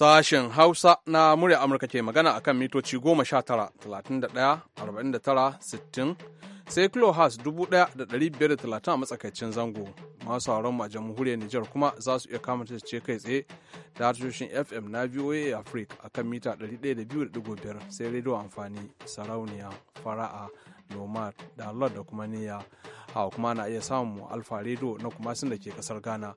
Sashen Hausa na murya Amurka ke magana akan mitoci goma sha arba'in 31 tara 60 sai da talatin a matsakaicin zango. Masu sauran mu a jamhuriyar Nijar kuma za su iya kama ce kai tsaye da tashoshin FM na VOA Africa akan mita da biyar sai rediyo amfani sarauniya fara'a nomad da da kuma niyya. hawa kuma na iya samun alfa radio na kumasin da ke kasar ghana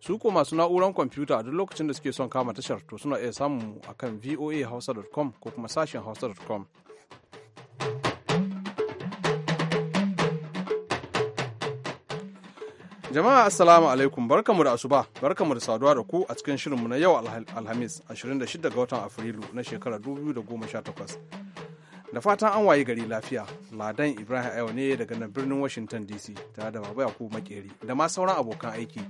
su ko masu na'uran kwamfuta duk lokacin da suke son kama tashar to suna iya samun mu a kan voahausa.com ko kuma sashen hausa.com jama'a assalamu alaikum barkamu da asuba barkamu da saduwa da ku a cikin shirinmu na yau alhamis 26 ga watan afrilu na shekarar 2018 da fatan an waye gari lafiya ladan ibrahim ayo ne daga nan birnin washington dc tare da babu yakubu makeri da ma sauran abokan aiki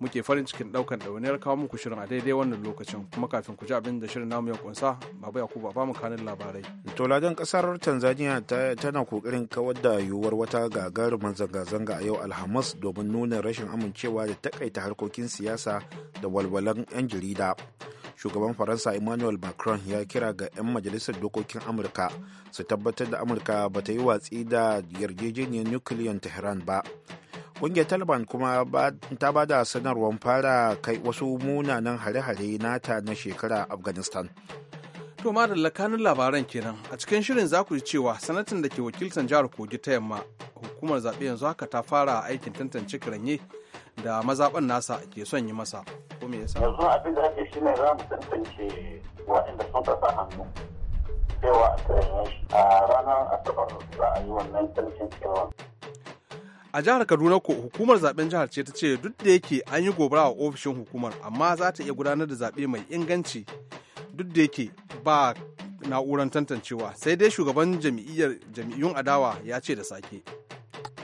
muke farin cikin daukan ɗawainiyar kawo muku shirin a daidai wannan lokacin kuma kafin ku ji abin da shirin namu ya kunsa baba yakubu ba mu kanin labarai to ladan kasar tanzania tana kokarin kawar da yiwuwar wata gagarumin zanga-zanga a yau alhamis domin nuna rashin amincewa da takaita harkokin siyasa da walwalan yan jarida shugaban faransa emmanuel macron ya kira ga 'yan majalisar dokokin amurka su tabbatar da amurka ba ta yi watsi da yarjejeniyar nukiliyan tehran ba ƙungiyar taliban kuma ta ba da sanarwar fara kai wasu munanan hare-hare nata na shekara afghanistan To ma da lakanin labaran kenan a cikin shirin za ku ji cewa sanatan da ke wakiltar jihar Kogi ta yamma hukumar zaɓe yanzu haka ta fara aikin tantance kiranye da mazaɓan nasa ke son yi masa ko me yasa yanzu abin da ake shi ne za mu tantance waɗanda sun kasa hannu cewa a ranar asabar za a yi wannan tantancewa a jihar kaduna ko hukumar zaben jihar ce ta ce duk da yake an yi gobara a ofishin hukumar amma za ta iya gudanar da zaɓe mai inganci duk da yake ba na'urar tantancewa sai dai shugaban jam'iyyar jam'iyyun adawa ya ce da sake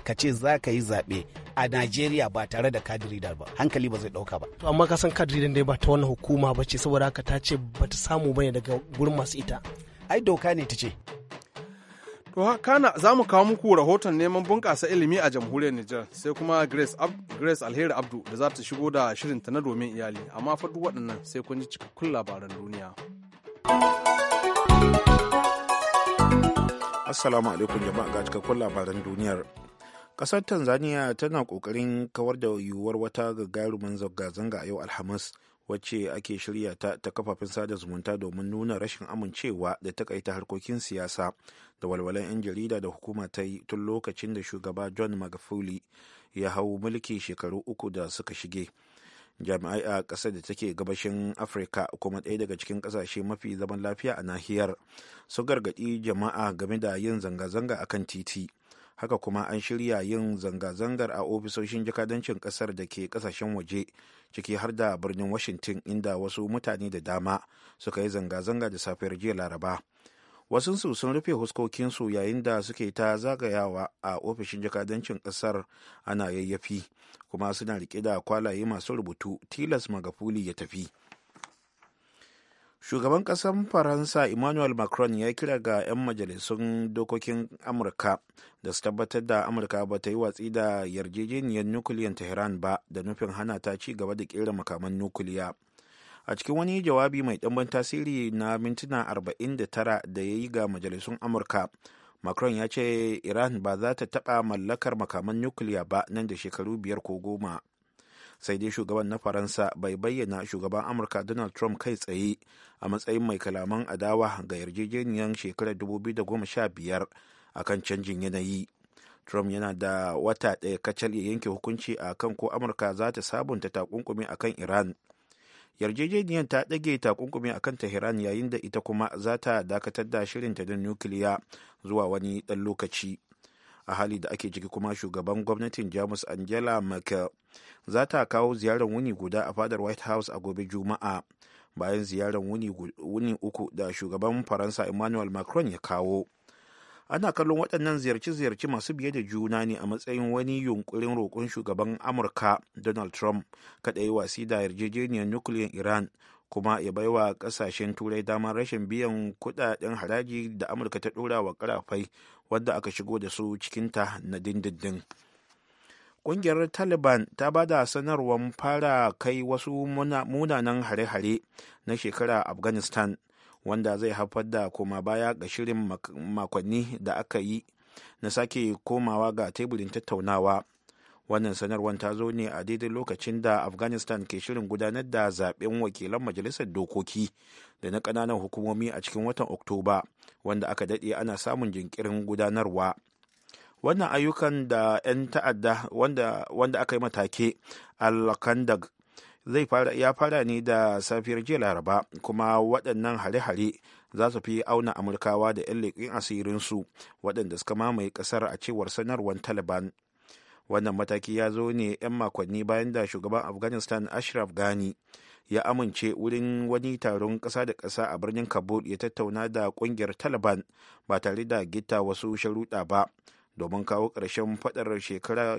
ka ce za ka yi zaɓe a Najeriya ba tare da card reader ba hankali ba zai dauka ba to amma ka san card reader dai ba ta wannan hukuma ba ce saboda haka ta ce ba ta samu bane daga gurin masu ita ai doka ne ta ce To kana za mu kawo muku rahoton neman bunƙasa ilimi a jamhuriyar Nijar sai kuma Grace, Grace Alheri Abdu da za ta shigo da shirin ta na domin iyali amma fa duk waɗannan sai kun ji cikakkun labaran duniya. Assalamu alaikum jama'a ga cikakkun labaran duniyar. Ƙasar Tanzania tana ƙoƙarin kawar da yiwuwar wata gagarumin zanga-zanga a yau Alhamis wacce ake shirya ta ta kafafen sada zumunta domin nuna rashin amincewa da takaita harkokin siyasa da walwalan 'yan jarida da hukuma ta yi tun lokacin da shugaba john magufuli ya hau mulki shekaru uku da suka shige jami'ai a ƙasar da take gabashin afirka kuma ɗaya daga cikin ƙasashe mafi zaman lafiya a nahiyar su gargaɗi jama'a game da yin zanga-zanga akan titi haka kuma an shirya yin zanga-zangar a ofisoshin jakadancin kasar da ke kasashen waje ciki har da birnin washington inda wasu mutane da dama suka yi zanga-zanga da safiyar jiya laraba wasunsu sun rufe huskokinsu yayin da suke ta zagayawa a ofishin jakadancin kasar ana yayyafi kuma suna riƙe da kwalaye masu rubutu tilas magafuli ya tafi shugaban ƙasar faransa emmanuel macron ya kira ga 'yan majalisun dokokin amurka da su tabbatar da amurka ba ta yi watsi da yarjejeniyar nukiliyan tehran ba da nufin hana ta ci gaba da kera makaman nukiliya a cikin wani jawabi mai ɗanban tasiri na mintuna 49 da ya yi ga majalisun amurka macron ya ce iran ba za ta taɓa mallakar makaman nukiliya ba nan da shekaru biyar ko goma sai dai shugaban na faransa bai bayyana shugaban amurka donald trump kai tsaye a matsayin mai kalaman adawa ga yarjejeniyar shekarar 2015 akan canjin yanayi trump yana da wata ɗaya kacal ya yanke hukunci a kan ko amurka za ta sabunta takunkumi a kan iran yarjejeniyar ta ɗage takunkumi a kan tehran yayin da ita kuma za ta dakatar da shirinta da nukiliya zuwa wani ɗan lokaci a hali da ake ciki kuma shugaban gwamnatin jamus angela merkel za ta kawo ziyarar wuni guda a fadar white house a gobe juma'a bayan ziyarar wuni uku da shugaban faransa emmanuel macron ya kawo ana kallon waɗannan ziyarci-ziyarci masu biye da juna ne a matsayin wani yunkurin roƙon shugaban amurka donald trump kada yi wasi da yarjejeniyar nukiliyan iran kuma ya bai wa ƙasashen turai damar rashin biyan kuɗaɗen haraji da amurka ta ɗora wa ƙarafai wadda aka shigo da su cikinta na dindindin ƙungiyar taliban ta ba da sanarwar fara kai wasu munanan hare-hare na shekara afghanistan wanda zai haifar da koma baya ga shirin makonni da aka yi na sake komawa ga teburin tattaunawa wannan sanarwar ta zo ne a daidai lokacin da afghanistan ke shirin gudanar da zaben wakilan majalisar dokoki da na kananan hukumomi a cikin watan oktoba wanda aka daɗe ana samun jinkirin gudanarwa wannan ayyukan da 'yan ta'adda wanda, aka yi matake al zai fara ya fara ne da safiyar jiya laraba kuma waɗannan hare-hare za su fi auna amurkawa da 'yan leƙin asirinsu waɗanda suka mamaye ƙasar a cewar sanarwar taliban wannan mataki ya zo ne 'yan makonni bayan da shugaban afghanistan ashraf ghani ya amince wurin wani taron ƙasa da ƙasa a birnin kabul ya tattauna da ƙungiyar taliban ba tare da gita wasu sharuɗa ba domin kawo ƙarshen faɗar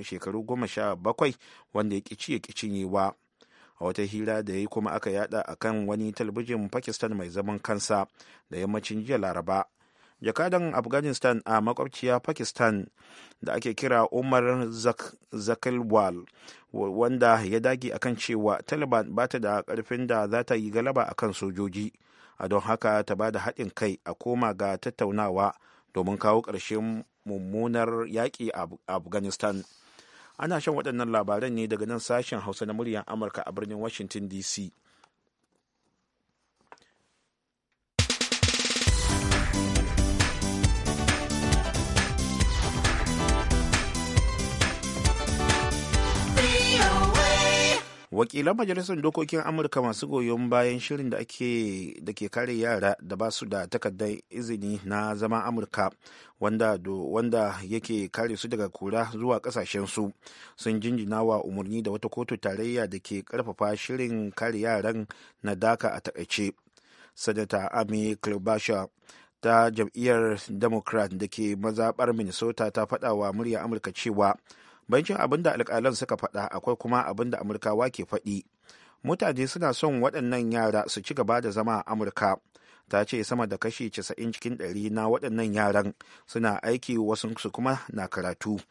shekaru goma sha bakwai wanda ya ƙici ya cinyewa a wata hira da ya yi kuma aka yada kan wani talabijin pakistan mai zaman kansa da yammacin jiya laraba jakadan afghanistan a makwabciya pakistan da ake kira umar zakalwal wanda ya dage akan cewa taliban ba ta da karfin da za ta yi galaba akan sojoji a don haka ta ba da haɗin kai a koma ga tattaunawa domin kawo ƙarshen mummunar yaƙi a afghanistan ana shan waɗannan labaran ne daga nan sashen hausa na muryar amurka a birnin washington dc wakilan majalisar dokokin amurka masu goyon bayan shirin da ake da ke kare yara da ba su da takardar izini na zama amurka wanda do, wanda yake kare su daga kura zuwa su sun jinjina wa umarni da wata kotu tarayya da ke karfafa shirin kare yaran na daka a takaice sanata ami klobasha ta jam'iyyar democrat da ke mazaɓar minnesota ta faɗa wa murya amurka cewa bankin abin da alƙalan suka faɗa akwai kuma abin da amurkawa ke faɗi mutane suna son waɗannan yara su ci gaba da zama a amurka ta ce sama da kashi 90 cikin 100 na waɗannan yaran suna aiki wasu su kuma na karatu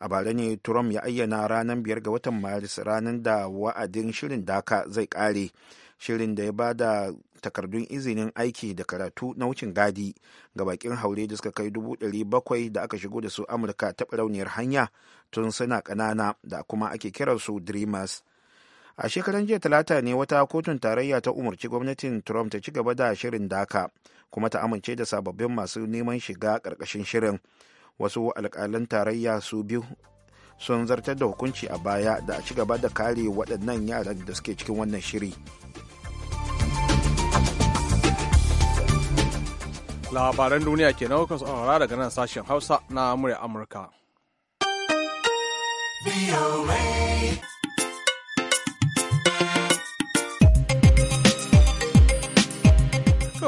a bara ne trump ya ayyana ranar 5 ga watan maris ranar da wa'adin shirin daka zai ƙare shirin da ya ba da takardun izinin aiki da karatu na wucin gadi ga bakin haure da suka kai dubu ɗari bakwai da aka shigo da su amurka ta rauniyar hanya tun suna ƙanana da kuma ake kiransu dreamers a shekaran jiya talata ne wata kotun tarayya ta umarci gwamnatin trump ta ci gaba da shirin daka kuma ta amince da sababbin masu neman shiga karkashin shirin wasu alƙalan tarayya su biyu sun zartar da hukunci a baya da a ci gaba da kare waɗannan yaran da suke cikin wannan shiri labaran duniya ke nan kuka saurara daga nan sashen hausa na murya amurka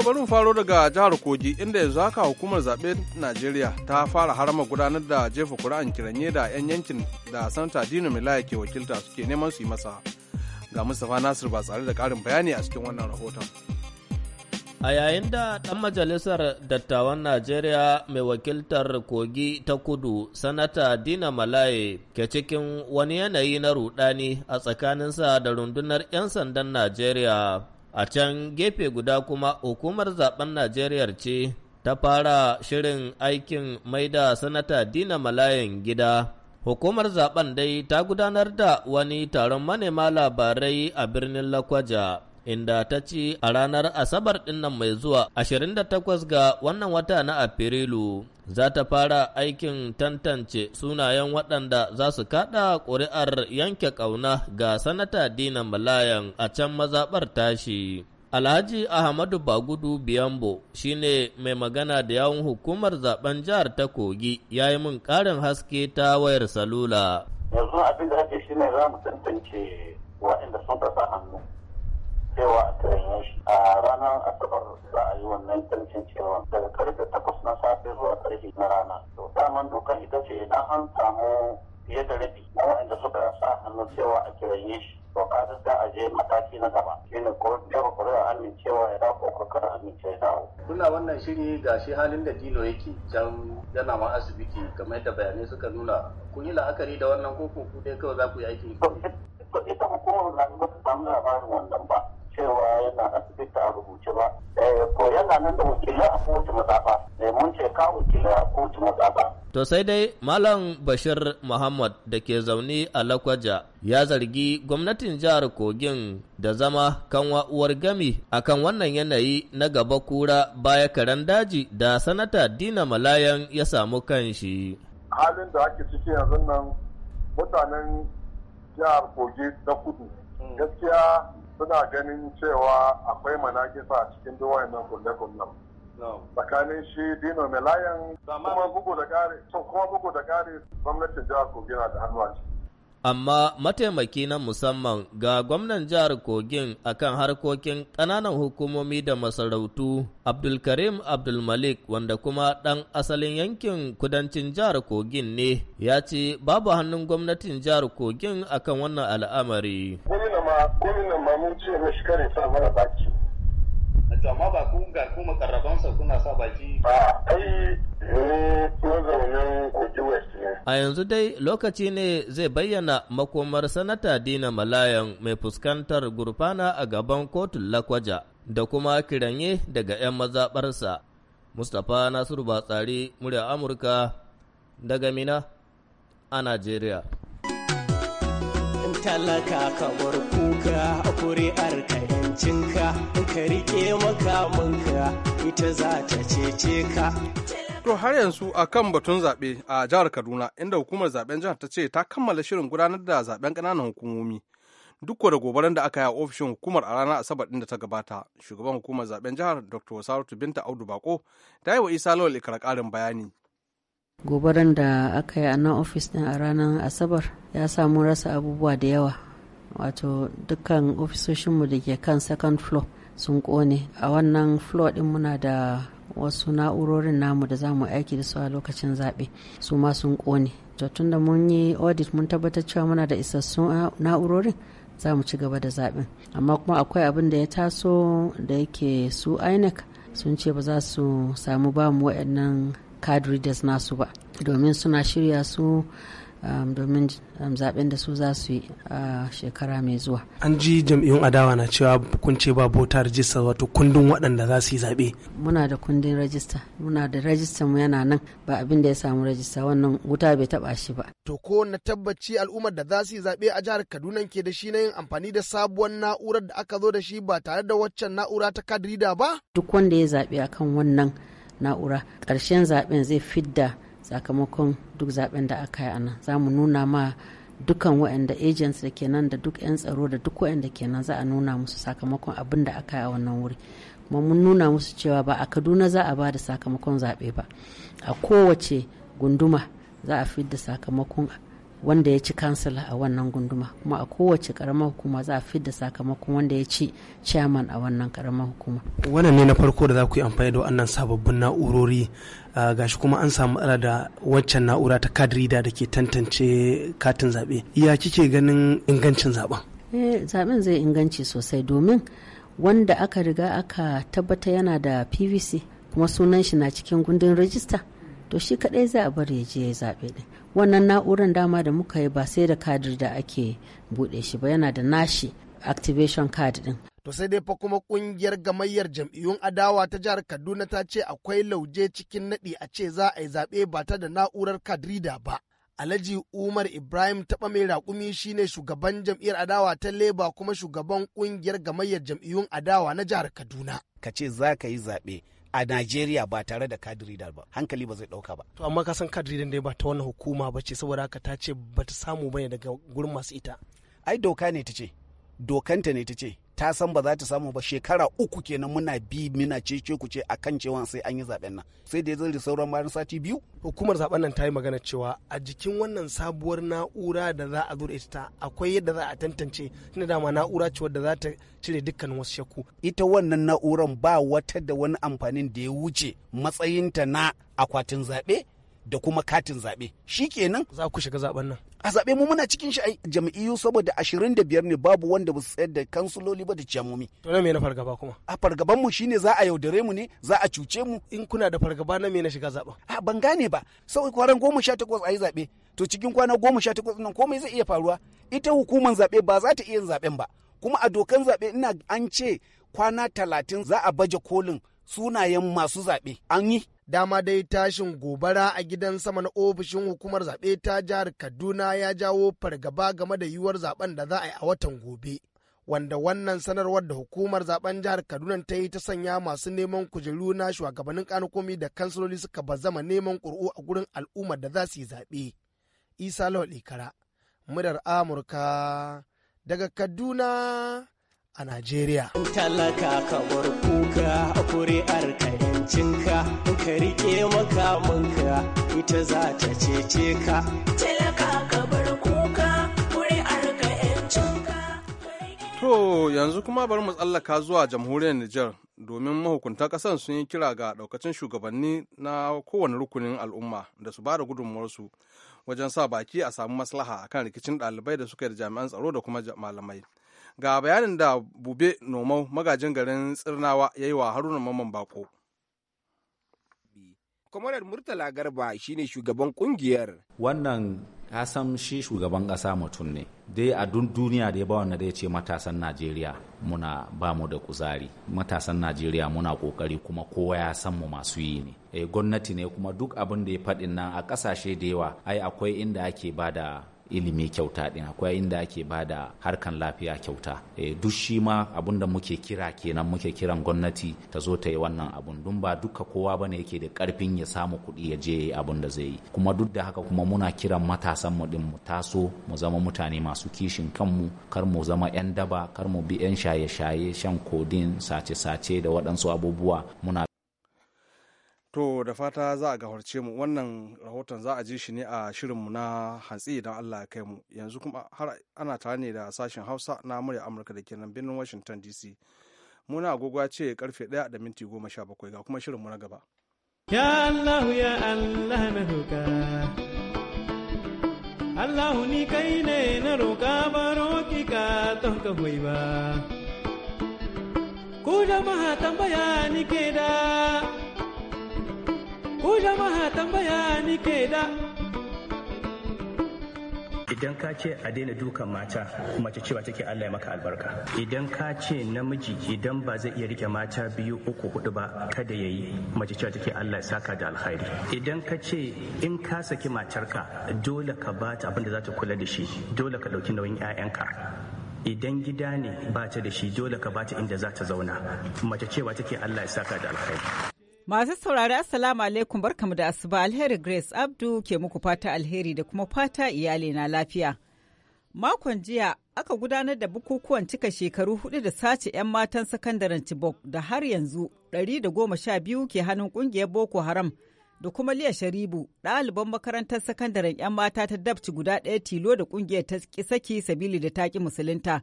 bari mu faro daga jihar kogi inda yanzu haka hukumar zaɓe najeriya ta fara harama gudanar da jefa kura'an kiranye da 'yan yankin da sanata dino milaya ke wakilta suke neman su yi masa ga mustapha nasir ba tsare da ƙarin bayani a cikin wannan rahoton A yayin da ɗan majalisar dattawan Najeriya mai wakiltar kogi ta kudu, Sanata Dina Malaye ke cikin wani yanayi na rudani a tsakaninsa da rundunar 'yan sandan Najeriya. A can gefe guda kuma hukumar zaben Najeriya ce ta fara shirin aikin mai da Sanata Dina Malayen gida. Hukumar zaben dai ta gudanar da wani taron manema labarai a birnin Lakwaja. inda ta ce a ranar Asabar ɗinnan mai zuwa 28 ga wannan wata na Afrilu za ta fara aikin tantance sunayen waɗanda za su kaɗa ƙuri'ar yanke ƙauna ga sanata Dina Malayan a can mazaɓar tashi. Alhaji Ahmadu Bagudu Biyambo shi ne mai magana da yawun hukumar zaben jihar ta Kogi ya yi min ƙarin haske ta wayar salula. Yanzu abin da ake shi ne za mu tantance waɗanda sun kasa hannu. cewa a tarayya shi a ranar asabar za a yi wannan cewa. daga karfe takwas na safe zuwa karfe na rana to daman dokar ita ce idan an samu fiye da rabi na waɗanda suka sa hannu cewa a tarayya shi to ka ta a je mataki na gaba ne ko yawa kuri'a amincewa ya dawo ko kar amince ya dawo kuna wannan shiri ga shi halin da dino yake can yana ma asibiti kamar yadda bayanai suka nuna kun yi la'akari da wannan ko ku dai kawai za ku yi aiki ita hukumar zaɓe ba labarin wannan ba cewa yana rubuce ba ko eh, yana nan da wakilai a kowace mazaɓa eh, mun ce ka wakilai a kotu mazaɓa. To sai dai Malam Bashir Muhammad da ke zaune a Lakwaja ya zargi gwamnatin jihar Kogin da zama kanwa uwar gami akan wannan yanayi na gaba kura baya karan daji da sanata Dina Malayan ya samu kanshi. Halin da ake ciki yanzu nan mutanen jihar Kogi ta kudu hmm. gaskiya suna ganin cewa akwai manakisa a cikin duwayen nan kulle-kullen tsakanin shi dino melayan kuma bugu da kare gwamnatin jihar kogi na da hannu a ciki amma mataimaki na musamman ga gwamnan jihar Kogin akan harkokin ƙananan hukumomi da masarautu Abdulkarim Abdulmalik wanda kuma ɗan asalin yankin kudancin jihar Kogin ne ya ce babu hannun gwamnatin jihar Kogin akan wannan al'amari. Gwamnan ma mun ce sa mana baki. to amma ba ku ga ku kuna sa baki ba ai eh, a yanzu dai lokaci ne zai bayyana makomar sanata dina malayan mai fuskantar gurfana a gaban kotun lakwaja da kuma kiranye daga 'yan mazaɓarsa mustapha nasiru batsari murya amurka daga mina a najeriya talaka ka bar kuka kuri'ar ka yancinka ka rike makamanka ita za ta cece ka To har yanzu a kan batun zaɓe a jihar Kaduna inda hukumar zaɓen jihar ta ce ta kammala shirin gudanar da zaɓen ƙananan hukumomi. Duk da gobaran da aka yi a ofishin hukumar a ranar Asabar ɗin da ta gabata, shugaban hukumar zaɓen jihar Dr. Saratu Binta Audu Bako ta yi wa Isa Lawal Ikra ƙarin bayani. gobaran da aka yi a nan ofis din a ranar asabar ya samu rasa abubuwa da yawa wato dukkan ofisoshinmu da ke kan second floor sun kone a wannan floor din muna da wasu na'urorin namu da za mu aiki da su a lokacin zaɓe su ma sun kone to tunda mun yi audit mun tabbatar cewa muna da isassun na'urorin za mu ci gaba da zaɓen amma kuma akwai abin da ya taso da yake su inec sun ce ba za su samu ba mu waɗannan card nasu ba domin suna shirya su um, domin um, zaben da su za su yi a shekara mai zuwa. An ji jam'iyyun adawa na cewa kun ce ba bota rajista wato kundin waɗanda za su yi zaɓe. Muna da kundin rajista, muna da rajista mu yana nan ba abin da ya samu rajista wannan wuta bai taba shi ba. To ko na tabbaci al'ummar da za su yi zaɓe a jihar Kaduna ke da shi na yin amfani da sabuwar na'urar da aka zo da shi ba tare da waccan na'ura ta kadrida ba? Duk wanda ya zaɓe akan wannan na'ura karshen zaben zai fidda sakamakon duk zaben da aka yi a nan za mu nuna ma dukan waɗanda agents da ke nan da duk 'yan tsaro da duk waɗanda ke nan za a nuna musu sakamakon abin da aka yi a wannan wuri kuma mun nuna musu cewa ba a kaduna za a ba da sakamakon zaɓe ba a kowace gunduma za a fidda sakamakon wanda ya ci kansila a wannan gunduma kuma a kowace karamar hukuma za a fidda sakamakon wanda ya ci chairman a wannan karamar hukuma wannan ne na farko da za ku yi amfani da wannan sababbin na'urori ah, gashi kuma an samu matsala da waccan na'ura ta kadrida da ke tantance katin zaɓe iya kike ganin ingancin zaɓen eh, zaɓen zai inganci sosai domin wanda aka riga aka tabbata yana da pvc kuma sunan shi na cikin gundun rajista to shi kadai zai a bari ya je ya zaɓe ɗin wannan na'urar dama da muka yi ba sai da kadir da ake buɗe shi ba yana da nashi activation card din to sai dai fa kuma kungiyar gamayyar jam'iyyun adawa ta jihar kaduna ta ce akwai lauje cikin naɗi a ce za a yi zaɓe ba ta da na'urar kadrida ba Alhaji Umar Ibrahim taɓa mai raƙumi shine shugaban jam'iyyar adawa ta Leba kuma shugaban ƙungiyar gamayyar jam'iyyun adawa na jihar Kaduna. Ka ce za ka yi zaɓe a Najeriya ba tare da kadiri da ba hankali ba zai dauka ba to amma ka san kadiri da ba ta wannan hukuma ba ce saboda haka ta ce ba ta samu bane daga gurin masu ita ai doka ne ta ce dokanta ne ta ce ta san ba za ta samu ba shekara uku kenan muna bi muna ce ku ce akan cewa sai an yi zaben nan sai da zai sauran bayan sati biyu hukumar zaben nan ta yi magana cewa a jikin wannan sabuwar na'ura da za a zo ita akwai yadda za a tantance tunda dama na'ura ce wadda za ta cire dukkan wasu shakku ita wannan na'uran ba wata da wani amfanin da ya wuce matsayinta na akwatin zaɓe da kuma katin zaɓe shi kenan za ku shiga zaɓen nan a zaɓe mu muna cikin shi jam'iyyu saboda ashirin da biyar ne babu wanda ba su tsayar da kansuloli ba da jamumi to na me na fargaba kuma a fargaban mu shine za a yaudare mu ne za a cuce mu in kuna da fargaba na me na shiga zaɓen a ban gane ba sau kwaran goma sha takwas a yi zaɓe to cikin kwana goma sha takwas nan komai zai iya faruwa ita hukumar zaɓe ba za ta iya yin zaɓen ba kuma a dokan zaɓe ina an ce kwana talatin za a baje kolin sunayen masu zaɓe an yi dama dai tashin gobara a gidan sama na ofishin hukumar zaɓe ta jihar kaduna ya jawo fargaba game da yiwuwar zaben da za a yi a watan gobe wanda wannan sanarwar da hukumar zaben jihar kaduna ta yi ta sanya masu neman kujeru na shugabannin kanakomi da kansiloli suka bazama neman ƙuri'u a gurin al'ummar da za su yi zaɓe isa lawal ikara murar amurka daga kaduna a Najeriya. Talaka ka kuka a kuri'ar ka yancinka, ka rike makamanka ita za ta cece ka. Talaka ka bar kuka kuri'ar To yanzu kuma bari mu tsallaka zuwa jamhuriyar Nijar domin mahukunta kasan sun yi kira ga ɗaukacin shugabanni na kowane rukunin al'umma da su bada da gudunmuwarsu wajen sa baki a samu maslaha akan rikicin ɗalibai da suka yi da jami'an tsaro da kuma malamai. ga bayanin da bube nomau magajin garin tsirnawa ya yi wa haruna maman bako kwamarar murtala garba shine shugaban kungiyar wannan kasan shi shugaban ƙasa mutum ne dai a dun duniya da ya ba wanda ya ce matasan najeriya muna ba mu da kuzari matasan najeriya muna kokari kuma kowa ya san mu masu yi ne e, gwamnati ne kuma duk abin da ya faɗin nan a ƙasashe da yawa ai akwai inda ake ba da ilimi kyauta din akwai inda ake ba da harkan lafiya kyauta e, duk shi ma abun da muke kira kenan muke kiran gwamnati ta zo ta yi wannan abun dun ba duka kowa bane yake da karfin ya samu kuɗi ya je abun da zai yi kuma duk da haka kuma muna kiran matasan mu din mu taso mu zama mutane masu kishin kanmu kar mu zama yan daba kar mu bi yan shaye-shaye shan kodin sace-sace da waɗansu abubuwa muna To da fata za a gafarce mu wannan rahoton za a ji shi ne a shirinmu na hantsi idan Allah ya kai mu yanzu kuma har ana tare ne da sashen Hausa na murya Amurka da kenan nan birnin Washington DC. Muna agogwa ce karfe 1 da minti 17 ga kuma shirinmu na gaba. Ya Allah ya Allah na roka. Allah ni kai ne na roka ba ki ka ton ka ba. Ku jama'a tambaya ni ke da ko jama'a tambaya ni ke da idan ka ce a daina dukan mata mace cewa take Allah ya maka albarka idan ka ce namiji idan ba zai iya rike mata biyu uku hudu ba kada yayi yi mace cewa take Allah ya saka da alkhairi idan ka ce in ka saki matarka dole ka ba ta abin da za ta kula da shi dole ka dauki nauyin 'ya'yanka idan gida ne ba ta da shi dole ka ba ta inda za ta zauna mace cewa take Allah ya saka da alkhairi Masu saurari Assalamu alaikum barkamu da asuba alheri Grace Abdu ke muku fata alheri da kuma fata iyali na lafiya. Makon jiya aka gudanar da bukukuwan cika shekaru hudu da sace 'yan matan sakandaren Chibok da har yanzu 112 ke hannun kungiyar Boko Haram da kuma Liya Sharibu ɗaliban makarantar sakandaren 'yan mata ta dabci guda ɗaya tilo da kungiyar ta saki sabili da taƙi musulunta.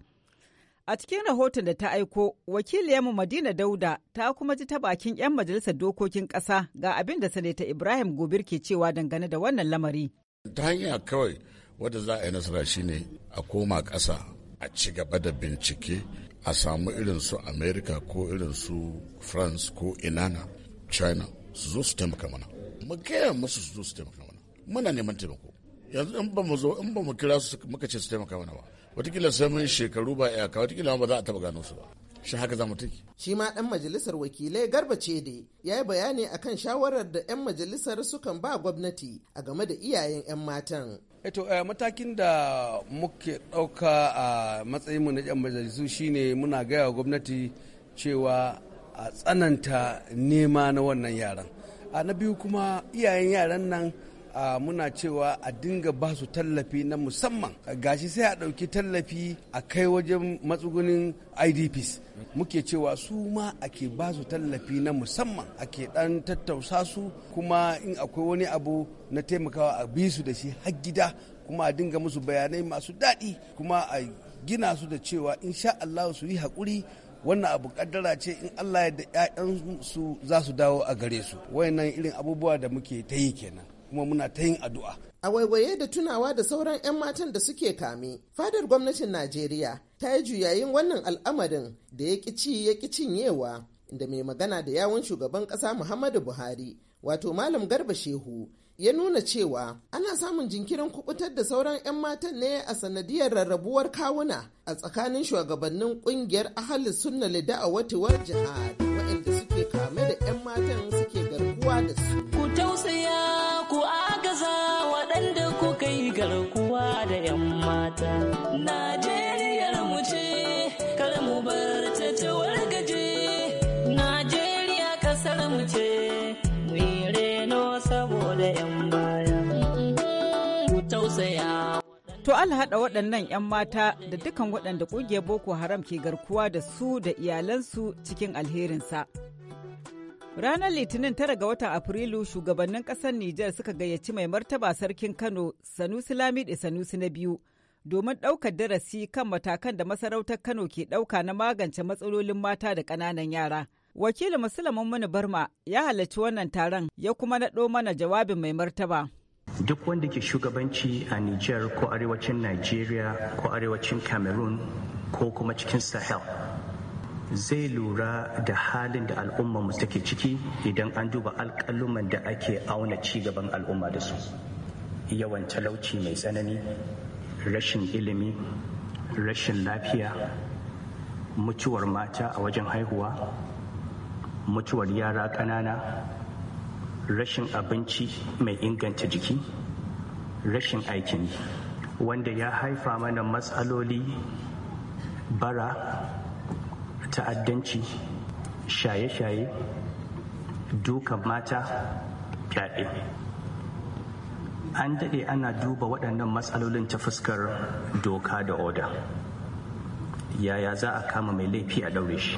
A cikin rahoton da ta aiko, wakiliyarmu Madina Dauda ta kuma ji ta bakin 'yan majalisar dokokin ƙasa ga abin da Sanata Ibrahim Gobir ke cewa dangane da wannan lamari. Ta hanya kawai wadda za a yi nasara shi ne a koma ƙasa a ci gaba da bincike a samu irin su America ko irin su France ko Inana China su zo su taimaka mana. Mu gaya musu su zo su taimaka mana. Muna neman taimako. Yanzu in ba mu zo in ba mu kira su muka ce su taimaka mana ba. watakila sai mun shekaru ba iyaka watakila ba za a taba gano su ba shi haka za mu take shi ma dan majalisar wakilai garba ce cede ya yi bayani akan shawarar da yan majalisar sukan ba gwamnati a game da iyayen yan matan eto eh uh, eh, matakin da muke ɗauka a uh, mu na yan majalisu shine muna gaya gwamnati cewa a uh, tsananta nema na wannan yaran a na biyu kuma iyayen yaran nan muna cewa a dinga ba su tallafi na musamman gashi sai a ɗauki tallafi a kai wajen matsugunin idps muke cewa su ma ake ba su tallafi na musamman ake ɗan tattausa su kuma in akwai wani abu na taimakawa a bi su da shi har gida kuma a dinga musu bayanai masu daɗi kuma a gina su da cewa insha Allah su yi haƙuri wannan abu kaddara ce in Allah ya da 'ya'yansu za su dawo a gare su wayannan irin abubuwa da muke ta yi kenan kuma muna ta yin addu'a. A waiwaye da tunawa da sauran 'yan matan da suke kame, fadar gwamnatin Najeriya ta yi juyayin wannan al'amarin da ya ci ya ƙi cinyewa, da mai magana da yawon shugaban ƙasa Muhammadu Buhari, wato Malam Garba Shehu, ya nuna cewa ana samun jinkirin kubutar da sauran 'yan matan ne a sanadiyar rarrabuwar kawuna a tsakanin shugabannin ƙungiyar ahalin sunna lida a watuwar jihar waɗanda suke kame da 'yan matan su To alhaɗa waɗannan 'yan mata da dukan waɗanda ƙungiyar Boko Haram ke garkuwa da su da iyalansu cikin alherinsa. Ranar Litinin tara ga watan Afrilu shugabannin ƙasar Nijar suka gayyaci mai martaba sarkin Kano Sanusi Lamidi Sanusi na biyu domin ɗaukar darasi kan matakan da masarautar Kano ke ɗauka na magance matsalolin mata da ƙananan yara. Wakilin Musulman Muni Barma ya halarci wannan taron ya kuma naɗo mana jawabin mai martaba. duk wanda ke shugabanci a niger ko arewacin nigeria ko arewacin cameroon ko kuma cikin sahel zai lura da halin da al'umma mu take ciki idan an duba alƙaluman da ake auna ci gaban al'umma da su yawan talauci mai tsanani rashin ilimi rashin lafiya mutuwar mata a wajen haihuwa mutuwar yara ƙanana rashin abinci mai inganta jiki rashin aikin yi wanda ya haifa mana matsaloli bara ta'addanci shaye-shaye dukan mata fyaɗe an daɗe ana duba waɗannan matsalolin ta fuskar doka da oda yaya za a kama mai laifi a ɗaure shi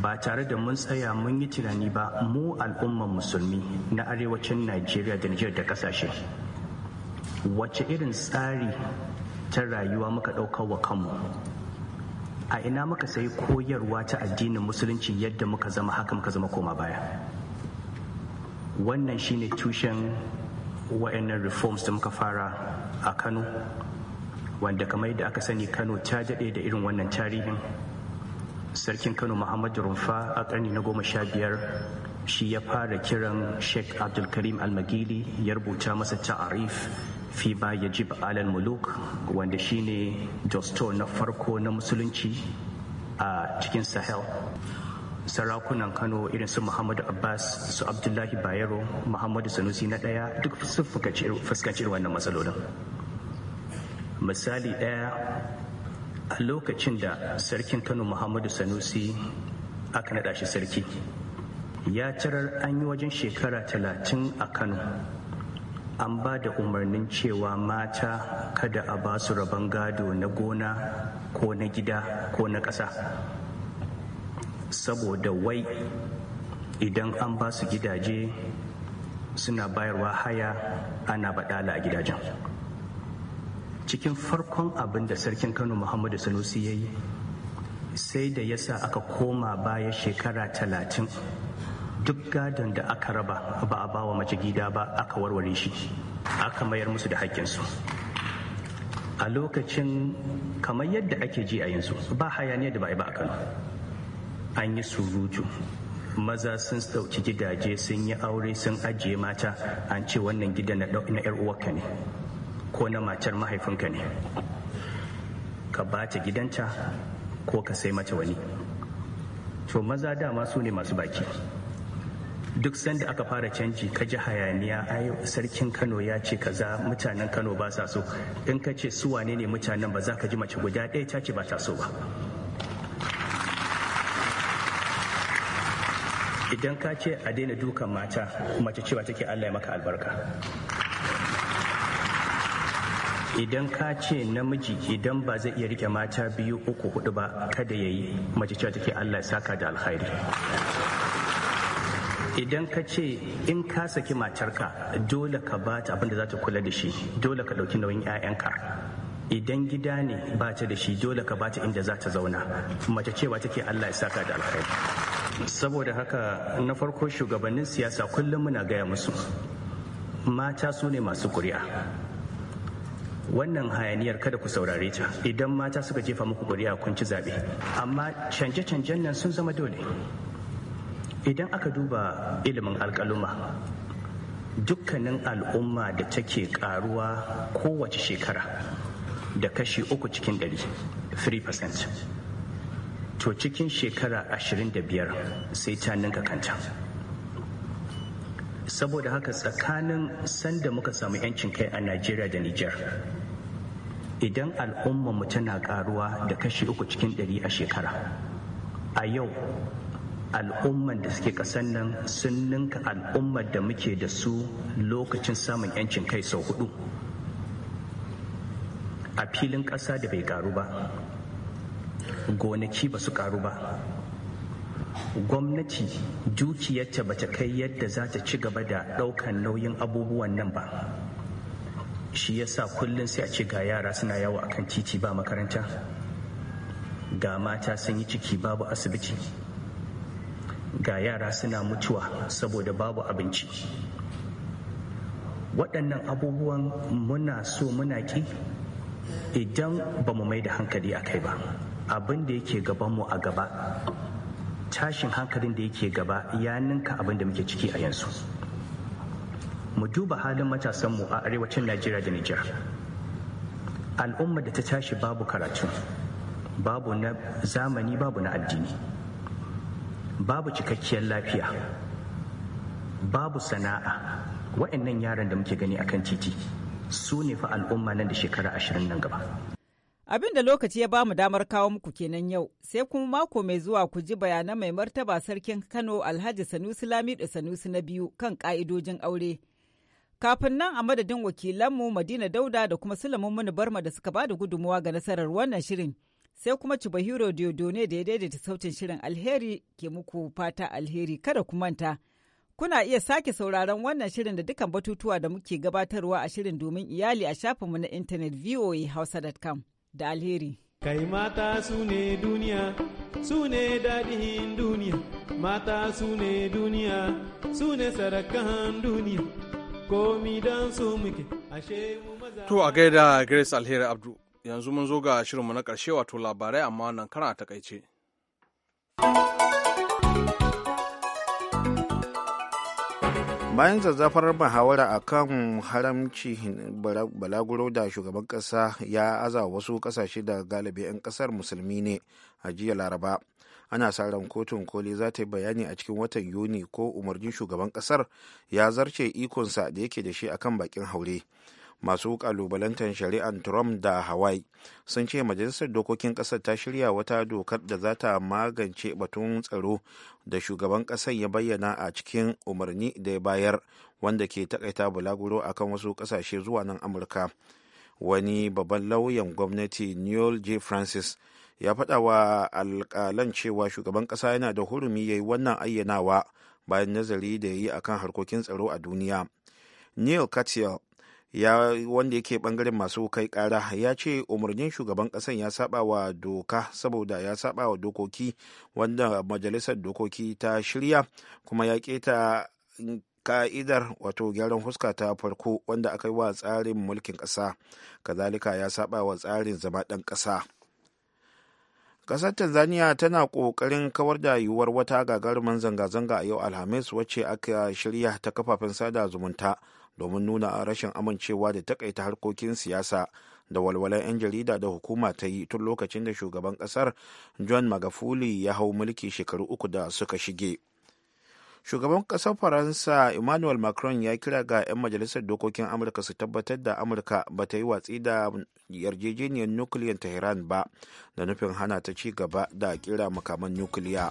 ba tare da mun tsaya mun yi tunani ba mu al'ummar musulmi na arewacin najeriya da nijar da kasashe wace irin tsari ta rayuwa muka ɗaukar wa kanmu a ina muka sayi koyarwa ta addinin musulunci yadda muka zama haka muka zama koma baya wannan shine tushen wa'annan reforms da muka fara a kano wanda kamar da aka sani kano ta daɗe da irin wannan tarihin sarkin kano muhammadu rumfa a karni na goma sha biyar shi ya fara kiran sheikh abdulkarim almagili ya rubuta masa ta'arif fi ba ya jib alal muluk wanda shine josto na farko na musulunci a cikin sahel sarakunan kano irin su muhammadu abbas su abdullahi bayero muhammadu sanusi na ɗaya duk sun fuskanci wannan matsalolin misali ɗaya a lokacin da sarkin kano muhammadu sanusi aka naɗa shi sarki ya tarar an yi wajen shekara talatin a kano an ba da umarnin cewa mata kada a ba su rabon gado na gona ko na gida ko na ƙasa saboda wai idan an ba su gidaje suna bayarwa haya ana baɗala a gidajen cikin farkon abin da sarkin kano muhammadu sanusi ya yi sai da ya sa aka koma baya shekara talatin duk gadon da aka raba ba a bawa mace gida ba aka warware shi aka mayar musu da haƙƙinsu a lokacin kamar yadda ake ji a yanzu ba hayaniya da ba a yi ba a kano an yi surutu maza sun sauki gidaje sun yi aure sun ajiye mata an ce wannan gida na 'yar uwarka ne ko na macar mahaifinka ne ka bace gidanta ko ka sai mata wani to maza dama su ne masu baki duk sanda aka fara canji ka ji hayaniya ai sarkin kano ya ce kaza mutanen kano ba sa so in ka ce su wane ne mutanen ba za ka ji mace guda ɗaya ta ce ba ta so ba idan ka ce a daina dukan mata mace cewa take allah ya maka albarka idan ka ce namiji idan ba zai iya rike mata biyu uku hudu ba kada ya yi mace cewa take allah saka da alkhairi idan ka ce in ka saki matarka dole ka ba ta abinda za ta kula da shi dole ka ɗauki nauyin 'ya'yanka idan gida ne ba ta da shi dole ka ba ta inda za ta zauna mace cewa take allah ya saka da alkhairi saboda haka na farko shugabannin siyasa kullum muna gaya musu mata su ne masu kuri'a wannan hayaniyar kada ku saurare ta idan mata suka jefa muku ƙuri'a kun ci zaɓe amma canje-canjen nan sun zama dole idan aka duba ilimin alƙaluma dukkanin al'umma da take karuwa kowace shekara da kashi uku cikin ɗari 3% to cikin shekara 25 sai ta ninka kanta saboda haka tsakanin sanda muka samu 'yancin kai a najeriya da niger idan al'umma mu tana karuwa da kashi uku cikin ɗari a shekara a yau al'umman da suke kasan nan sun ninka al'ummar da muke da su lokacin samun 'yancin kai sau hudu a filin ƙasa da bai karu ba gonaki ba su karu ba gwamnati dukiyarta ba ta kai yadda za ta ci gaba da ɗaukan nauyin abubuwan nan ba shi ya sa kullum sai a ce ga yara suna yawo a kan titi ba makaranta ga mata sun yi ciki babu asibiti ga yara suna mutuwa saboda babu abinci waɗannan abubuwan muna so muna ki? idan ba mu mai da hankali a kai ba abin da yake gabanmu a gaba tashin hankalin da yake gaba ya ninka abin da muke ciki a yanzu. mu duba halin matasanmu a arewacin najeriya da nijar al'umma da ta tashi babu karatu babu na zamani babu na addini babu cikakkiyar lafiya babu sana'a wa'annan yaran da muke gani akan titi su ne fa al'umma nan da shekara ashirin nan gaba Abin da lokaci ya bamu damar kawo muku kenan yau, sai kuma mako mai zuwa ku ji bayanan mai martaba sarkin Kano Alhaji Sanusi Lamidu Sanusi na biyu kan ƙa'idojin aure Kafin nan a madadin wakilanmu Madina Dauda da kuma Sulaiman Muni Barma da suka bada gudunmawa ga nasarar wannan shirin. Sai kuma Cibahiro Diodone da ya daidaita sautin shirin alheri ke muku fata alheri kada ku manta. Kuna iya sake sauraron wannan shirin da dukkan batutuwa da muke gabatarwa a shirin domin iyali a shafinmu na intanet voahausa.com da alheri. Kai mata su ne duniya, su ne daɗin duniya, mata su ne duniya, su ne sarakan duniya. komi to a gaida Grace Alheri Abdu yanzu mun zo ga shirinmu na karshe wato labarai amma nan kana takaice bayan zazzafar muhawara a kan haramci balaguro da shugaban kasa ya aza wasu kasashe da galibi 'yan kasar musulmi ne a jiya laraba ana sa ran kotun koli za ta yi bayani a cikin watan yuni ko umarnin shugaban kasar ya zarce ikonsa da yake da shi akan bakin haure masu kalubalantar shari'ar trump da hawaii sun ce majalisar dokokin kasar ta shirya wata dokar da za ta magance batun tsaro da shugaban kasar ya bayyana a cikin umarni da ya bayar wanda ke takaita bulaguro akan wasu kasashe zuwa nan amurka wani babban lauyan gwamnati neil j francis ya faɗa wa alƙalan cewa shugaban ƙasa yana da hurumi ya yi wannan ayyanawa bayan nazari da ya yi akan harkokin tsaro a duniya neil cartier ya wanda yake bangaren masu kai kara ya ce umarnin shugaban kasan ya saba wa doka saboda ya saba wa dokoki wanda majalisar dokoki ta shirya kuma ya keta ka'idar wato gyaran huska ta farko wanda aka yi wa tsarin mulkin ƙasa kazalika ya saba wa tsarin zama ɗan ƙasa Ƙasar Tanzania tana ƙoƙarin kawar da yiwuwar wata gagarumin zanga-zanga a yau Alhamis wacce aka shirya ta kafafen sada zumunta domin nuna rashin amincewa da takaita harkokin siyasa da walwalan 'yan jarida da hukuma ta yi tun lokacin da shugaban ƙasar John Magafuli ya hau mulki shekaru uku da suka shige. shugaban kasar faransa emmanuel macron ya kira ga 'yan majalisar dokokin amurka su tabbatar da amurka ba ta yi watsi da yarjejeniyar ta tehran ba da nufin hana ta ci gaba da kira makaman nukiliya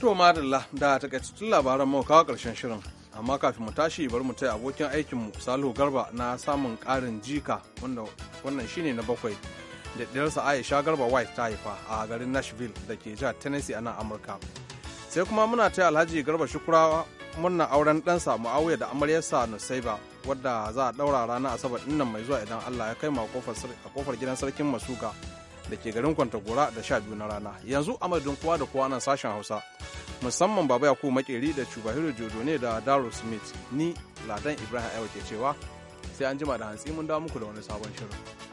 to madalla da takaitattun labaran mu kawo karshen shirin amma kafin mu tashi bari mu taya abokin aikinmu salihu garba na samun karin jika wanda wannan shine na bakwai da ɗiyarsa aisha garba white ta haifa a garin nashville da ke jihar tennessee a nan amurka sai kuma muna ta alhaji garba shukura murna auren ɗansa mu'awiya da amaryarsa nusaiba wadda za a ɗaura rana asabar ɗinnan mai zuwa idan allah ya kai ma a kofar gidan sarkin masuka da ke garin kwantagora da sha biyu na rana yanzu a madadin kowa da kowa nan sashen hausa musamman baba yakubu makeri da cubahiru jodo ne da daro smith ni ladan ibrahim aiwa ke cewa sai an jima da hantsi mun dawo muku da wani sabon shirin